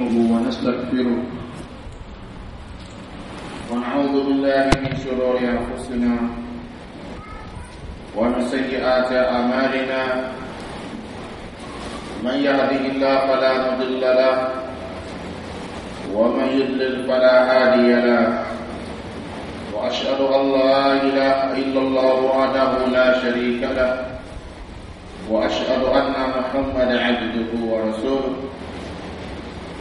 ونستغفره ونعوذ بالله من شرور أنفسنا ومن سيئات أعمالنا من يهده الله فلا مضل له ومن يضلل فلا هادي له وأشهد أن لا إله إلا الله وحده لا شريك له وأشهد أن محمدا عبده ورسوله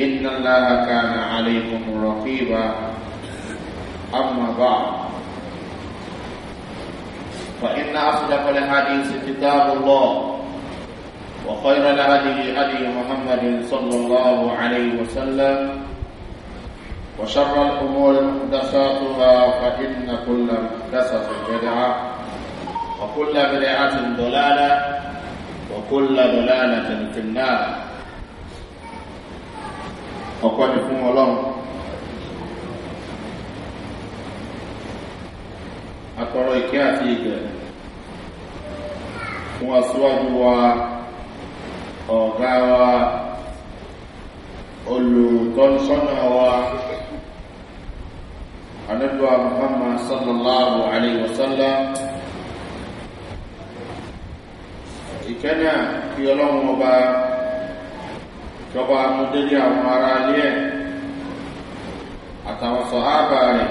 إن الله كان عليكم رقيبا أما بعد فإن أصدق الحديث كتاب الله وخير الهدي هدي محمد صلى الله عليه وسلم وشر الأمور محدثاتها فإن كل محدثة بدعة وكل بدعة ضلالة وكل ضلالة في النار ọ̀pọ̀ ni fún ọlọ́run atọrọ ìkẹ́ àti ìgẹ̀ fún aṣíwájú wa ọ̀gá wa olùtọ́nisọ́nà wa anábíwá muhammad sallallahu Alaihi Wasallam. sallam ìkẹ́ náà kí ọlọ́run ọba tọ́ba amúdélé àwọn ará ilé ẹ̀ àtàwọn sọ̀hábà rẹ̀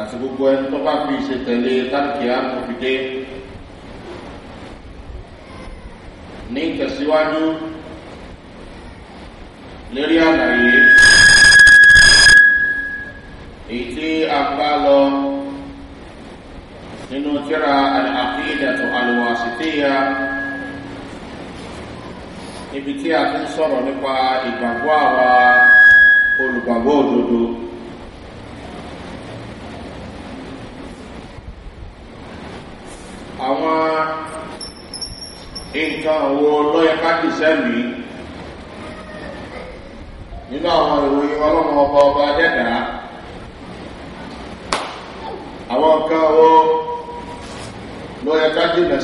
àti gbogbo ẹni tó bá fi ìṣètẹ̀lé táǹkì àmúfidé ní ìtẹ̀síwájú lérí àlàyé èyí tí a bá lọ nínú tíra àkíyèdàtò àlùwàsítéyà níbi tí a ti ń sọ̀rọ̀ nípa ìgbàgbọ́ àwa olùgbàgbọ́ òdodo. àwọn nǹkan wo lọ́yẹ káàkì sẹ́mi nínú àwọn ìròyìn ọlọ́run ọba ọba dẹ́dàá àwọn nǹkan wo lọ́yẹ káàkì nà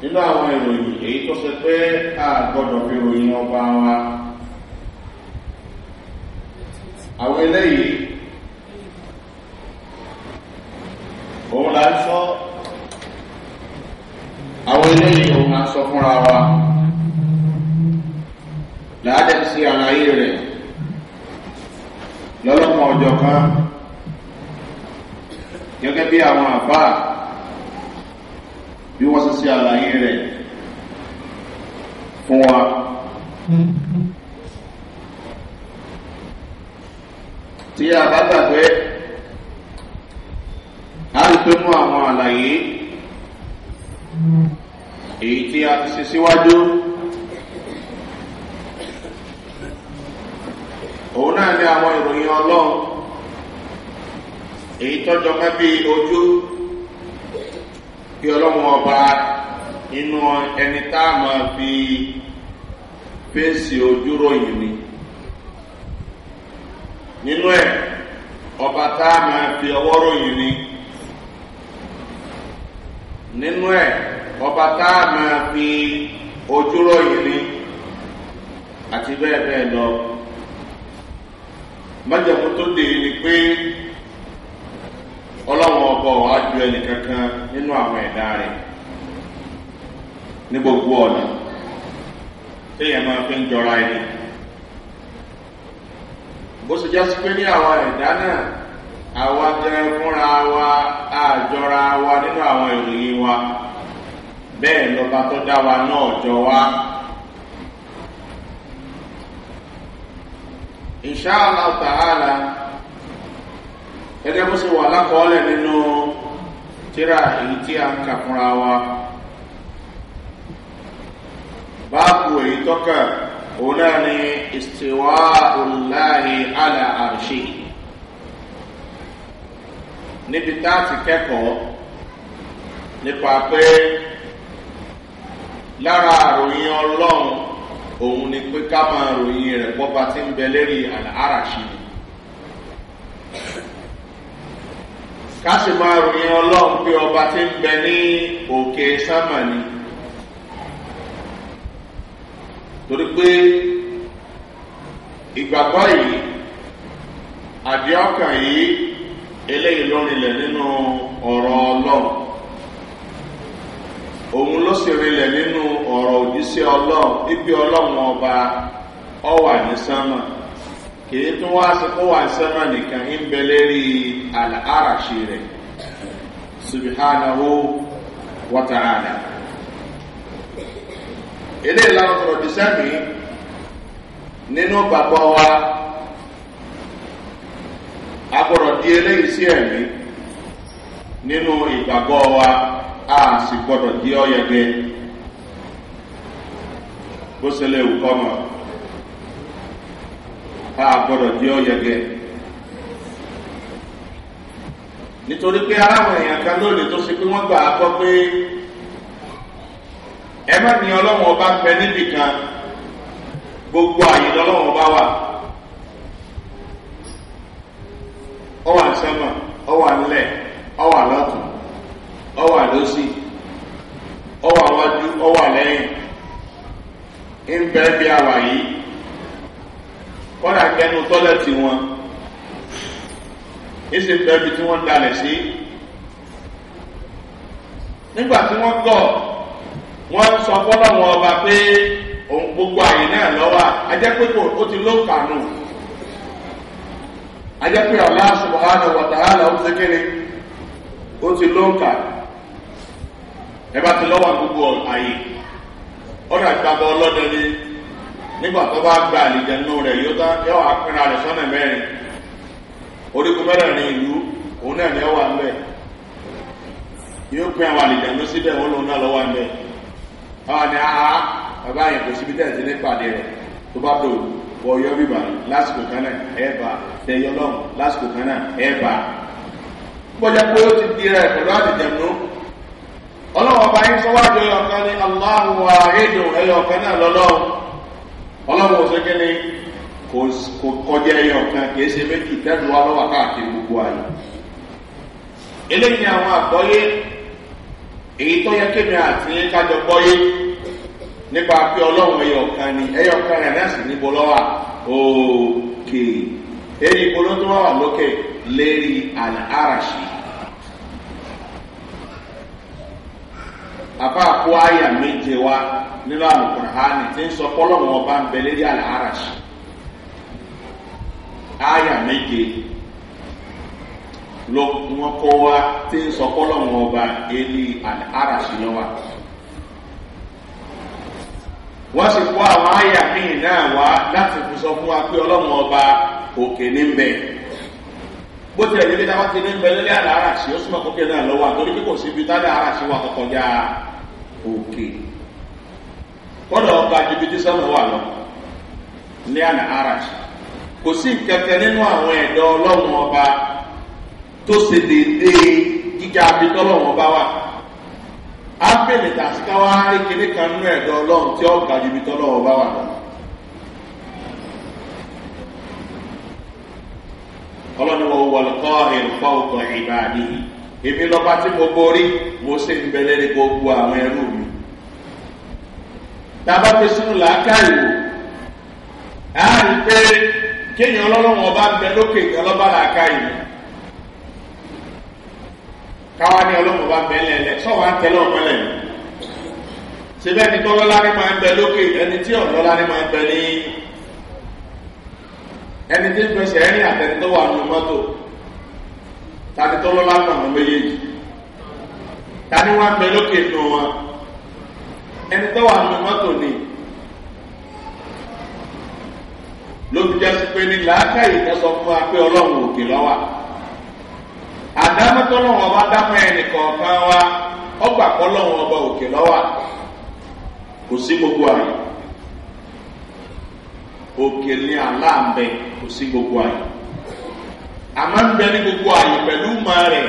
nínú àwọn ìròyìn èyí tó ṣe pé a gbọdọ̀ fi ròyìn ọba wa àwọn eléyìí òun là ń sọ àwọn eléyìí òun là ń sọ fúnra wa làádẹ́ sí àlàyé rẹ̀ lọ́lọ́kan ọ̀jọ̀ kan gẹ́gẹ́ bí àwọn àbáà bí wọ́n ṣe ṣe àlàyé rẹ̀ fún wa. tí a bá gbàgbé a lè pé mú àwọn àlàyé èyí tí a ti ṣe síwájú. òun náà ní àwọn ìròyìn ọlọ́run èyí tọ́jọ́ mẹ́bí ojú ẹni tá a máa fi fèsì ojúròyìn ni nínú ẹ ọba tá a máa fi ọwọ́ ròyìn ni nínú ẹ ọba tá a máa fi ojúròyìn ni àti bẹ́ẹ̀ bẹ́ẹ̀ lọ májàmú tó dé ni pé ọlọ́run ọba ọ̀hún á ju ẹnì kankan nínú àwọn ẹ̀dá rẹ̀ ní gbogbo ọ̀nà téèyàn máa fi ń jọra ẹni bó ṣe jẹ́ sí pé ní àwọn ẹ̀dá náà àwa gan fúnra wa àjọra wa nínú àwọn ìròyìn wa bẹ́ẹ̀ lọ́ba tó dá wa náà jọ wá. ìṣáàlá tààlà gẹ́gẹ́ bó ṣe wà lákọọ́lẹ̀ nínú tíra èyí tí a ń kà fúnra wa báàkù èyí tọ́kà òun náà ni ìsìwá òláhi àlà àrṣe níbi tá a ti kẹ́kọ̀ọ́ nípa pé lára àròyìn ọlọ́run òun ni pé ká máa ròyìn rẹ̀ bọ́ba tí ń bẹ lérí àlà ni. ká sì máa ròyìn ọlọ́run pé ọba tí ń bẹ ní òkè sámà ni. torí pé ìgbàgbọ́ yìí yi yìí eléyìí ló rinlẹ̀ nínú ọ̀rọ̀ ọlọ́run òun ló sì rinlẹ̀ nínú ọ̀rọ̀ òjíṣẹ́ ọlọ́run ọba ọwà ní sánmà kìí tún wá sí kó wà ní sánmà nìkan ń bẹ lérí àlàáràṣì rẹ̀ subhanahu wa ta'ala. eléyìí la sọ̀rọ̀ ti sẹ́mi nínú gbàgbọ́ wa a gbọ́dọ̀ di eléyìí sí ẹ̀mí nínú ìgbàgbọ́ wa a sì gbọ́dọ̀ di ọ̀yẹ̀gẹ́ bó ṣe lè wù kọ́ a gbọ́dọ̀ di ọ̀yẹ̀gẹ́ nítorí pé aráwọ̀ èèyàn kan lónìí tó ṣe pé wọ́n gbà á kọ́ pé ẹ má ní ọlọ́run ọba ń bẹ kan gbogbo àyè lọ́lọ́run ọba wà ọwà sẹ́mà ọwà ńlẹ̀ ọwà lọ́tún ọwà lọ́sì ọwà wájú ọwà lẹ́yìn ń bẹ bí àwà yìí kọ́dà kẹnu tọ́lẹ̀tì wọn èsì bẹ́ẹ̀ bí tí wọ́n dalẹ̀ sí nígbà tí wọ́n gbọ́. wọ́n sọ fọ́lọ́wọ́n ọba pé òun gbogbo àyè náà lọ́wọ́ ajẹ́ ó ti ló kànú ajẹ́ pé ọ̀la subahana wàtàhálà ó ti ó ti ló kà ẹ bá ti lọ́wọ́ gbogbo àyè ọ̀rọ̀ àgbàbọ̀ ọlọ́dẹ ni nígbà tó bá gba àlìjẹ̀nu rẹ̀ yóò rẹ̀ sọ́nà mẹ́rin orígun ìlú òun náà ni wà ń bẹ̀ yóò pín àwọn àlìjẹ̀nu síbẹ̀ lòun náà lọ́wọ́ ń bẹ̀. ọ̀nà bàbá yẹn kò síbi tẹ̀sí lé rẹ̀ tó bá dò wọ yọ bíbà lásìkò kan náà ẹ̀ bá tẹ̀yọ lọ́hùn lásìkò kan náà ẹ̀ bá. bọ́jà pé ó ti di rẹ̀ pẹ̀lú àtìjẹ̀mú ọlọ́wọ́ bá yín sọ́wájú ẹ̀yọ̀kan ní aláhùn àrídò ẹ̀yọ̀kan náà lọ́lọ́hùn ọlọ́wọ́ òṣèké ni kò kọjá ẹ̀yọ̀kan kìí ṣe méjì tẹ́lu wa lọ́wọ́ káàkiri gbogbo àyè eléyìí ni àwọn àgbọ́yé èyí tó yẹ kémi àti yín kájọ gbọ́yé nípa pé ọlọ́run ẹyọ kan ni ẹyọ kan rẹ̀ náà sì níbo lọ́wà òkè èyí ìpolówó tó wà lókè lérí àlẹ́ àràṣì. àbá àpò àyà méje wa nínú àlùkùnrin hánì tí ń sọ pọ́lọ́mù ọba ń bẹ lérí àlẹ́ àràṣì. àyà méje lọ wọn kọ wa tí ń sọ kọlọ́wọ́n ọba ẹni àràṣì náà wà. wọ́n sì kó àwọn àyà míì náà wá láti fi sọ fún wa pé ọlọ́wọ́n ọba òkè ní bẹ̀. bó tilẹ̀ níbi táwọn ti ní bẹ lórí àdá àràṣì ó súnmọ́ kókè náà lọ́wọ́ àtọ́rí pé kò síbi tádà àràṣì wà kọkọjá òkè. kọ́dọ̀ ọba jìbìtì sọ́nà wà lọ ní àná àràṣì kò sí nǹkan nínú àwọn ẹ̀dọ́ ọlọ́wọ́n ọba tó ṣe dédé gíga abitọ́lọ̀ wọn bá wà ápèlè tàbí káwá rí kíní kan nínú ẹ̀dọ́ ọlọ́run tí ó ga ju ibitọ́lọ̀ wọn bá wà lọ. ọlọ́ni wọ wọlọ́kọ́ ẹ̀rùpá ọkọ̀ ìbàdí èmi lọ́ba tí mo borí mo ṣe ń bẹ lẹ́ni gbogbo àwọn ẹrú mi. tábà fi sínú làákàyè wò á rí pé kéèyàn ọlọ́run ọba ń bẹ lókè ìgbàlọ́ba làákàyè wò káwá ní ọlọ́run bá bẹ́ẹ̀ lẹ́lẹ́ sọ̀wá ń tẹ́lẹ̀ ọ̀pẹ́ lẹ́nu síbẹ̀ ní tọ́lọ́lá ní máa ń bẹ lókè ẹni tí ọ̀lọ́lá ní máa ń bẹ ní ẹni tí ń fẹsẹ̀ ẹ̀rìn àtẹnudọ́ wà nù mọ́tò tani tọ́lọ́lá nù àwọn méjèèjì tani wà ń bẹ lókè nù wọn ẹni tọ́ wà nù mọ́tò ni lóbi jásí pé ní làákàyè kan sọ fún wa pé ọlọ́run òkè lọ́wọ́ àdámẹ́tọ́lọ́wọ́n ọba dámọ́ ẹnì kọ̀ọ̀kan wa ọgbà kọ́lọ́wọ́n ọba òkè lọ́wà kò sí gbogbo àyè òkè ní aláàbẹ kò sí gbogbo àyè àmọ́ ń bẹ ní gbogbo àyè pẹ̀lú mọ́ rẹ̀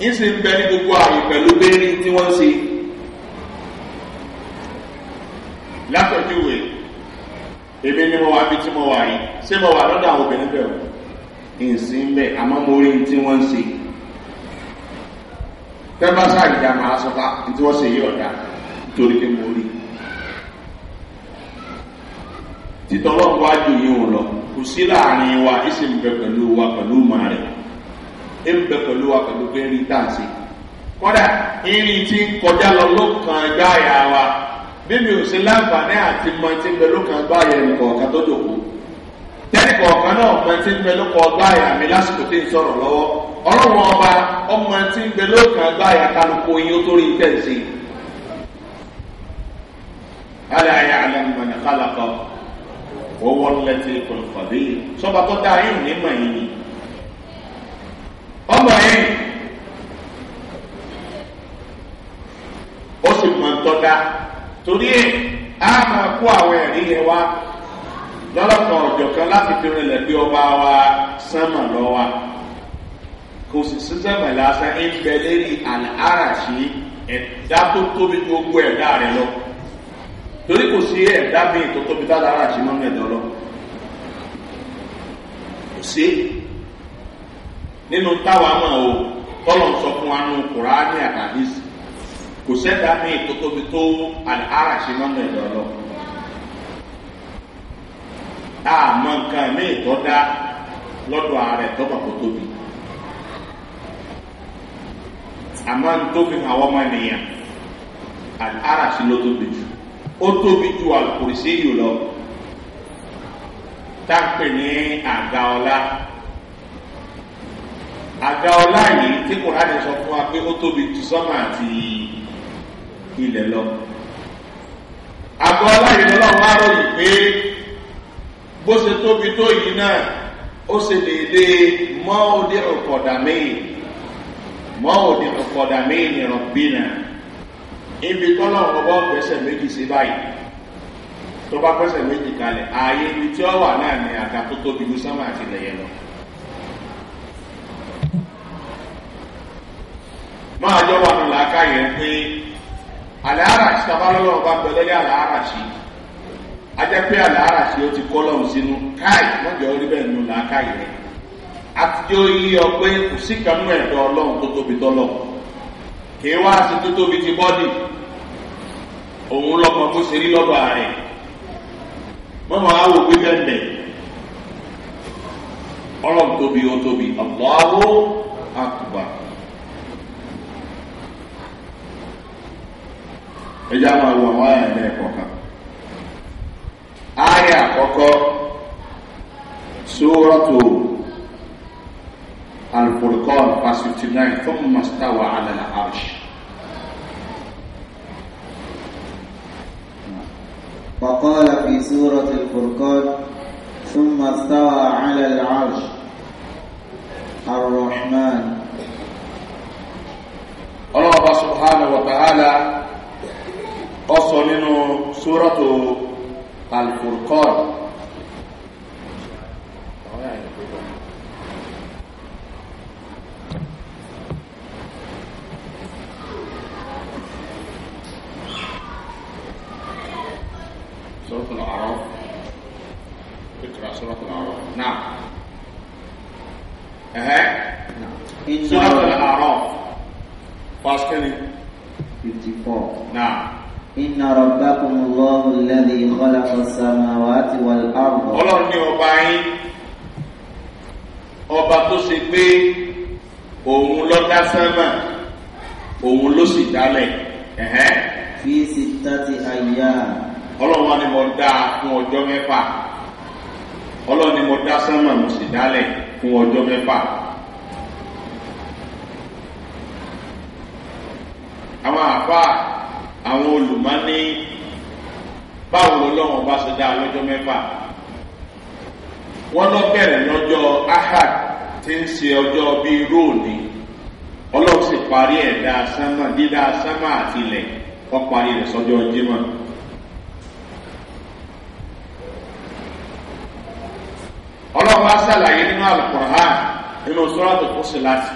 yín sì ń bẹ ní gbogbo àyè pẹ̀lú bẹ́ẹ̀ni tí wọ́n ṣe látọ̀júwe èmi ni mo wà bí tí mo wà yìí ṣé mo wà lọ́dọ̀ àwọn obìnrin bẹ̀rù ìsìn ń bẹ̀ àmọ́ mo rí tí wọ́n ń ṣe tẹ́lifà sáàdì dá máa sọ pa tí wọ́n ṣe yí nítorí pé mo rí títọ́ ọlọ́run wá ju lọ kò sí láàrin wa ìsìn ń bẹ wa pẹ̀lú màá rẹ̀ ẹ̀ ń wa pẹ̀lú pé rí tá à ń ṣe kọ́dà irin tí ń kọjá lọ lọ́kàn gbáyà wa bí mi ò sí láǹfààní àti mọ ti bẹ lọ́kàn gbáyà ẹnì kọ̀ọ̀kan tó tẹ́nìkọ̀ ọ̀kan náà ọmọ tí ń bẹ lóko ọgbà àyà mi lásìkò tí ń sọ̀rọ̀ lọ́wọ́ ọlọ́run ọba ọmọ tí ń bẹ lóko ọgbà àyà kálukú yín ó torí tẹ̀sí. alẹ́ àyà alẹ́ mọ̀nà kálákọ̀ owó lẹ́tí kọlùfàdé sọba tó dá yín nímọ̀ yín ni. ọmọ yín ó sì mọ̀ ń tọ́ da torí ẹ̀ á máa kó àwọn ẹ̀rí yẹn wá lọ́lọ́kan ọ̀jọ̀kan láti fi rinlẹ̀ pé ọba wa sánmà lọ́wọ́ kò sì sísẹ́ pẹ̀lú asán ń bẹ lérí àlàáràṣí ẹ̀dá tó tóbi gbogbo ẹ̀dá rẹ lọ torí kò sí ẹ̀dá míì tó tóbi tá àlàáràṣí mọ́ ní ẹ̀dọ́ lọ kò sí nínú táwa mọ̀ o tọ́lọ̀ sọ fún wa nù kùránì àtàlísì kò sẹ́dá míì tó tóbi tó àlàáràṣí mọ́ ní ẹ̀dọ́ lọ àmọ́ nǹkan ní ìtọ́dá lọ́dọ̀ ààrẹ tọ́pọ̀ kò tóbi àmọ́ ntóbi hàn wọ́n máa nìyàn ara sí ló tóbi jù ó tóbi ju àlùkùrìsí yìí lọ táǹpẹ̀ ní àga ọlá àga ọlá yìí tí kùránì sọ fún wa pé ó tóbi ju sọ́mà àti ilẹ̀ lọ àga ọlá yìí lọ́wọ́ wá ròyìn pé bó ṣe tóbi tó yìí náà ó ṣe déédé mọ́ òde ọ̀kọ̀dà míì mọ́ òde ọ̀kọ̀dà míì nìran bínà ibi tọ́lọ̀ ọ̀bọ̀ pẹ̀sẹ̀ méjì sí báyìí tó bá pẹ̀sẹ̀ méjì kalẹ̀ ààyè ibi tí ó wà náà ní àga tó tóbi ju sánmà àti ilẹ̀ yẹn lọ. máa jọ wà nù làákàyè pé àlẹ́ àràṣì tàbá lọ́wọ́ ọba pẹ̀lẹ́lẹ́ àlẹ́ àràṣì yìí ajẹ́pẹ́ àlàárà ṣe ó ti kọ́ lọ́run sínú káì mọ́jọ́ orí bẹ́ẹ̀ nù làákàyè rẹ̀ àtijọ́ yí ọ pé kò sí kanú ẹ̀dọ́ ọlọ́run tó tóbi tọ́lọ̀ kì í wá sí tó tóbi ti bọ́dì òun lọ́kàn tó ṣe rí lọ́dọ̀ ààrẹ mọ́mọ́ á pé bẹ́ẹ̀ ọlọ́run tóbi ó tóbi ọ̀pọ̀ àkùbà ẹjẹ́ àwọn àwọn àwọn àyà ẹ̀ lẹ́ẹ̀kọ̀ọ̀kan àyà àkọ́kọ́ سورة alifurukọ́n fásitì náà fún mọ́sítáwà alẹ́ àrùsì. وقال في سورة الفرقان ثم استوى على العرش الرحمن الله سبحانه وتعالى أصل سورة al-Furqan. سورة الأعراف اقرأ سورة الأعراف نعم أها نعم سورة الأعراف فاصلة 54 نعم إن ربكم الله الذي خلق السماوات والأرض ọlọ́run ní ọba yín ọba tó ṣe pé òun ló dá sánmà òun ló sì dálẹ̀ fi sittati ayyam ọlọ́run wa ni mo dá fún ọjọ́ mẹ́fà ọlọ́run ni mo dá sánmà mo sì dálẹ̀ fún ọjọ́ mẹ́fà. àwọn àfáà àwọn olùmọ́ni báwo lọ́wọ́ bá ṣe dá lọ́jọ́ mẹ́fà wọ́n lọ bẹ̀rẹ̀ lọ́jọ́ ahad tí ń ṣe ọjọ́ bíi róòní ọlọ́run sì parí ẹ̀dá sánmà dídá sánmà àtìlẹ̀ wọ́n parí rẹ̀ sọ́jọ́ jimá. ọlọ́run á ṣàlàyé nínú àlùkòrán nínú sọ́ràtò kùsìláṣì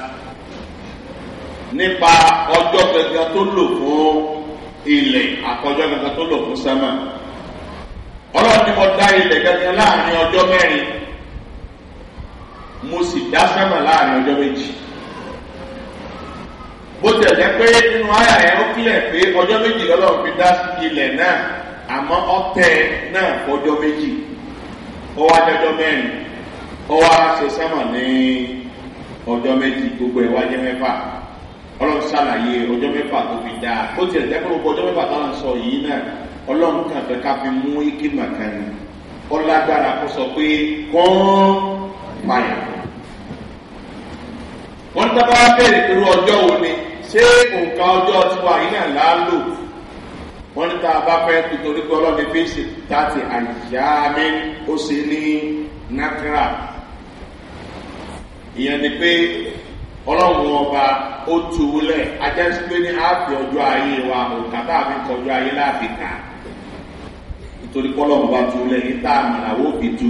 nípa ọjọ́ gẹ́gẹ́ tó lò fún ilẹ̀ àkọjọ́ kankan tó lò fún sámà ọlọ́run ni mo dá ilẹ̀ kankan láàrin ọjọ́ mẹ́rin mo sì dá sámà láàrin ọjọ́ méjì bó tẹ̀lé pé nínú àyà ẹ̀ ó kílẹ̀ pé ọjọ́ méjì lọ́lọ́run fi dá ilẹ̀ náà àmọ́ ọ̀tẹ̀ náà fọjọ́ méjì ó wá jọjọ́ mẹ́rin ó wá ṣe sámà ní ọjọ́ méjì gbogbo ẹ̀ mẹ́fà ọlọ́run ṣàlàyé ọjọ́ mẹ́fà tó fi dáa ó tiẹ̀ dẹ́kun ọjọ́ mẹ́fà táwọn sọ yìí náà ọlọ́run kàn fẹ́ ká fi mú ike màkàn ni ọlágbára kó sọ pé kán payà. wọ́n dábàá bẹ̀rẹ̀ irú ọjọ́ wo ni ṣé òǹkà ọjọ́ tiwa yìí náà là wọ́n ní tá a bá fẹ́ nítorí pé ọlọ́run fi ṣe láti àyà mi ó ṣe ní nàkàrà ìyẹn ni pé ọlọ́run ọba ó tuwulẹ̀ ajẹ́sípé ní ààfin ọjọ́ ayé wa òǹkà tá a fi kọjú ayé láàfin kà nítorí kọ́lọ́run bá tuwulẹ̀ ní tá a ó fi tu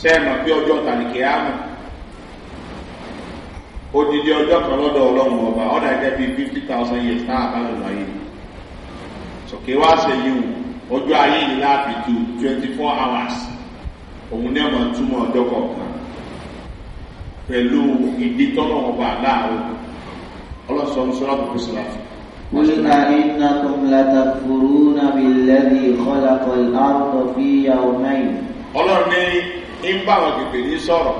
sẹ́ẹ̀mọ̀ bí ọjọ́ tàlìkẹ́ àmọ̀ odidi ọjọ́ kan lọ́dọ̀ ọlọ́run ọba ọ̀dà jẹ́ bíi fifty thousand years tá a bá lò láyé sọ̀kè wá sẹ́yìn o ọjọ́ ayé yìí láàfin tu twenty four hours òun náà mọ̀ túmọ̀ ọjọ́ kọ̀ọ̀kan pẹ̀lú ìdí tọ́lọ̀ ọba láàrú ọlọ́sọ̀rọ̀ sọ́lá kò sílá. قل أئنكم لتكفرون بالذي خلق الأرض في يومين ọlọ́run ní ń bá àwọn kìpìlì sọ̀rọ̀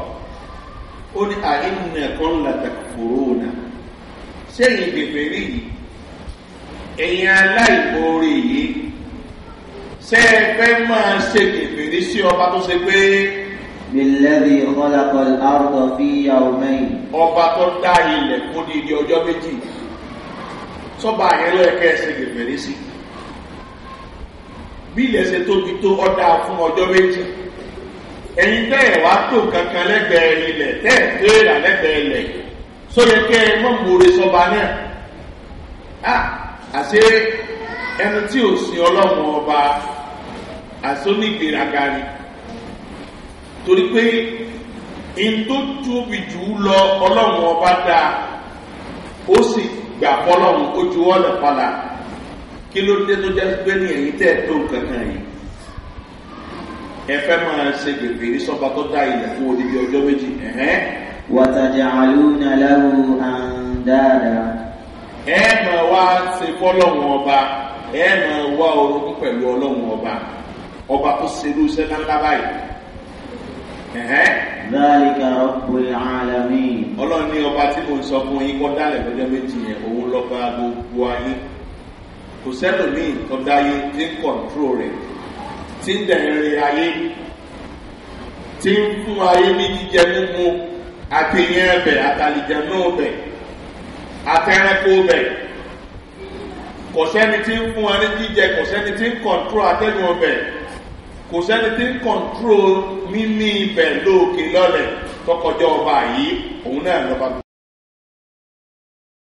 ó ní àìnẹ̀kan làtàkùfòrónà ṣé èyí kìpìlì yìí ẹ̀yin aláìmoore yìí ṣé ẹ fẹ́ máa ṣe kìpìlì sí ọba tó ṣe pé Bílẹ́dì kọ́lákọ̀ àrùtọ̀ fi yawmayn. Ọba tó dá ilẹ̀ kó ní ibi ọjọ́ méjì. Sọ́ba yẹn lọ́yẹ̀ kẹ́sẹ̀ gẹ̀gẹ̀rẹ́ sí. Bí ilẹ̀ ṣe tóbi tó ọ̀dà fún ọjọ́ méjì. Ẹ̀yin tẹ́ ẹ̀ wá tó kankan lẹ́gbẹ̀ẹ́ ilẹ̀ tẹ́ ẹ̀ tó èrà lẹ́gbẹ̀ẹ́ ilẹ̀. Sọ́yẹ kẹ́ ẹ mọ̀ mòre sọba náà. À àṣé ẹni tí ò sin ọlọ́run ọba àṣónígbèrágari torí pé n tó tóbi jù ú lọ ọlọ́run ọba dá ó sì gbà bọ́lọ́run ó ju ọ̀nà padà kí ló dé tó jẹ́ pé ní ẹ̀yìn tẹ̀ tó nǹkan kan yìí ẹ fẹ́ máa ṣe bèbè ní sọ́ba tó dá ilẹ̀ fún odidi ọjọ́ méjì. wàtàjà àlùna láwù àǹdáàdà. ẹ máa wá ṣe fọlọ́wọ́n ọba ẹ máa wá orogún pẹ̀lú ọlọ́wọ́n ọba ọba tó ṣerú iṣẹ́ ńláńlá báyìí. Zálíkà Rabbul Alamin. Ọlọ́run ní ọba tí mo ń sọ fún yín kọ́ dálẹ̀ lọ́jọ́ méjì yẹn, òun lọ́ba gbogbo ayé. Kò sẹ́lòmíì tó dáyé tí ń kọ̀ǹtró rẹ̀, tí ń dẹ̀rin ayé tí ń fún ayé ní jíjẹ mímu àtẹyìn ẹbẹ àtàlìjẹ náà bẹ àtẹrẹkọ bẹ kò tí ń fún wa ní jíjẹ kò tí ń kọńtró atẹgùn ọbẹ kò sẹ́ni tí ń kọ̀ǹtró mímí ibẹ̀ lóòkè lọ́lẹ̀ tọkọjọ́ ọba yìí òun náà lọ́ba tó